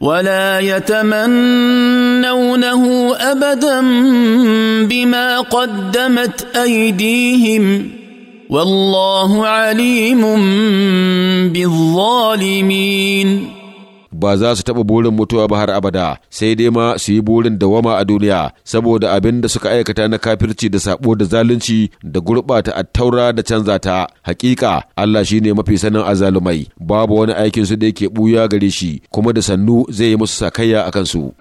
ولا يتمنونه ابدا بما قدمت ايديهم والله عليم بالظالمين ba za su taɓa burin mutuwa ba har abada sai dai ma su yi burin dawama a duniya saboda abin da suka aikata na kafirci da sabo da zalunci da gurɓata attaura da canza ta hakika Allah shine mafi sanin azalumai babu wani aikin su da yake buya gare shi kuma da sannu zai yi musu sakayya akan su